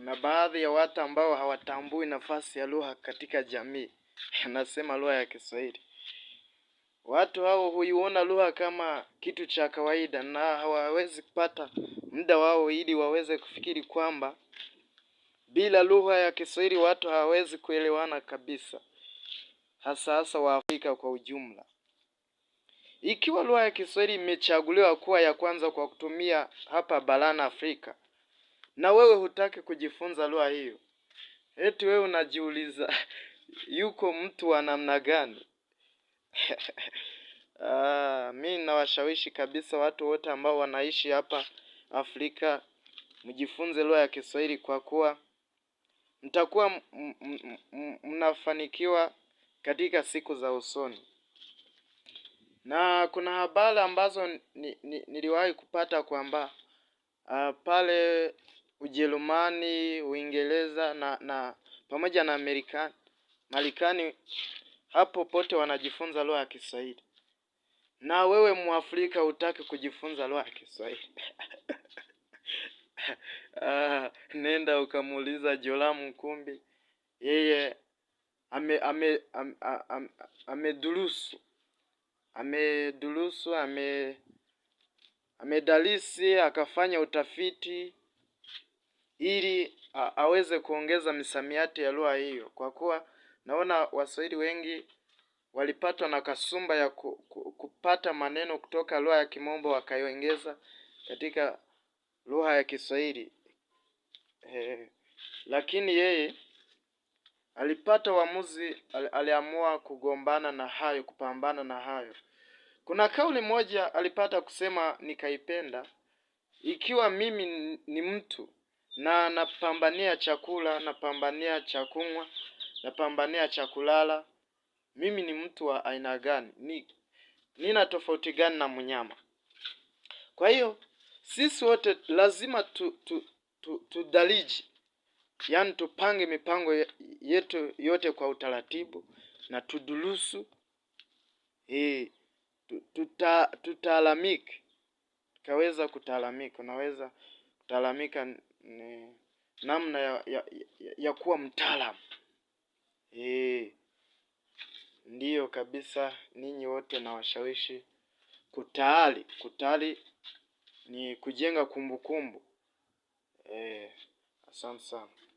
Kuna baadhi ya watu ambao hawatambui nafasi ya lugha katika jamii, anasema lugha ya Kiswahili. Watu hao huiona lugha kama kitu cha kawaida na hawawezi kupata muda wao ili waweze kufikiri kwamba bila lugha ya Kiswahili watu hawawezi kuelewana kabisa, hasa hasa Waafrika kwa ujumla. Ikiwa lugha ya Kiswahili imechaguliwa kuwa ya kwanza kwa kutumia hapa barani Afrika, na wewe hutaki kujifunza lugha hiyo, eti wewe unajiuliza yuko mtu wa namna gani? Ah, mi nawashawishi kabisa watu wote ambao wanaishi hapa Afrika mjifunze lugha ya Kiswahili kwa kuwa mtakuwa mnafanikiwa katika siku za usoni. Na kuna habari ambazo ni, ni, niliwahi kupata kwamba uh, pale Ujerumani, Uingereza na na pamoja na Amerika Marekani hapo pote wanajifunza lugha ya Kiswahili. Na wewe Mwafrika hutaki kujifunza lugha ya Kiswahili. Ah, nenda ukamuuliza joramu Nkumbi yeye ame ame am, am, ame amedurusu amedurusu ame amedalisi akafanya utafiti ili aweze kuongeza misamiati ya lugha hiyo, kwa kuwa naona Waswahili wengi walipatwa na kasumba ya ku, ku, kupata maneno kutoka lugha ya Kimombo wakaiongeza katika lugha ya Kiswahili eh, lakini yeye alipata uamuzi, al, aliamua kugombana na hayo, kupambana na hayo. Kuna kauli moja alipata kusema nikaipenda, ikiwa mimi ni mtu na napambania chakula, napambania cha kunywa, napambania cha kulala. Mimi ni mtu wa aina gani? Ni nina tofauti gani na mnyama? Kwa hiyo sisi wote lazima tu, tu, tu, tudaliji, yaani tupange mipango yetu yote kwa utaratibu na tudulusu e, tuta, tutaalamike tukaweza kutaalamika, unaweza Kutalamika ni namna ya, ya, ya, ya kuwa mtaalamu. E, ndiyo kabisa, ninyi wote na washawishi kutaali kutaali ni kujenga kumbukumbu. E, asante sana.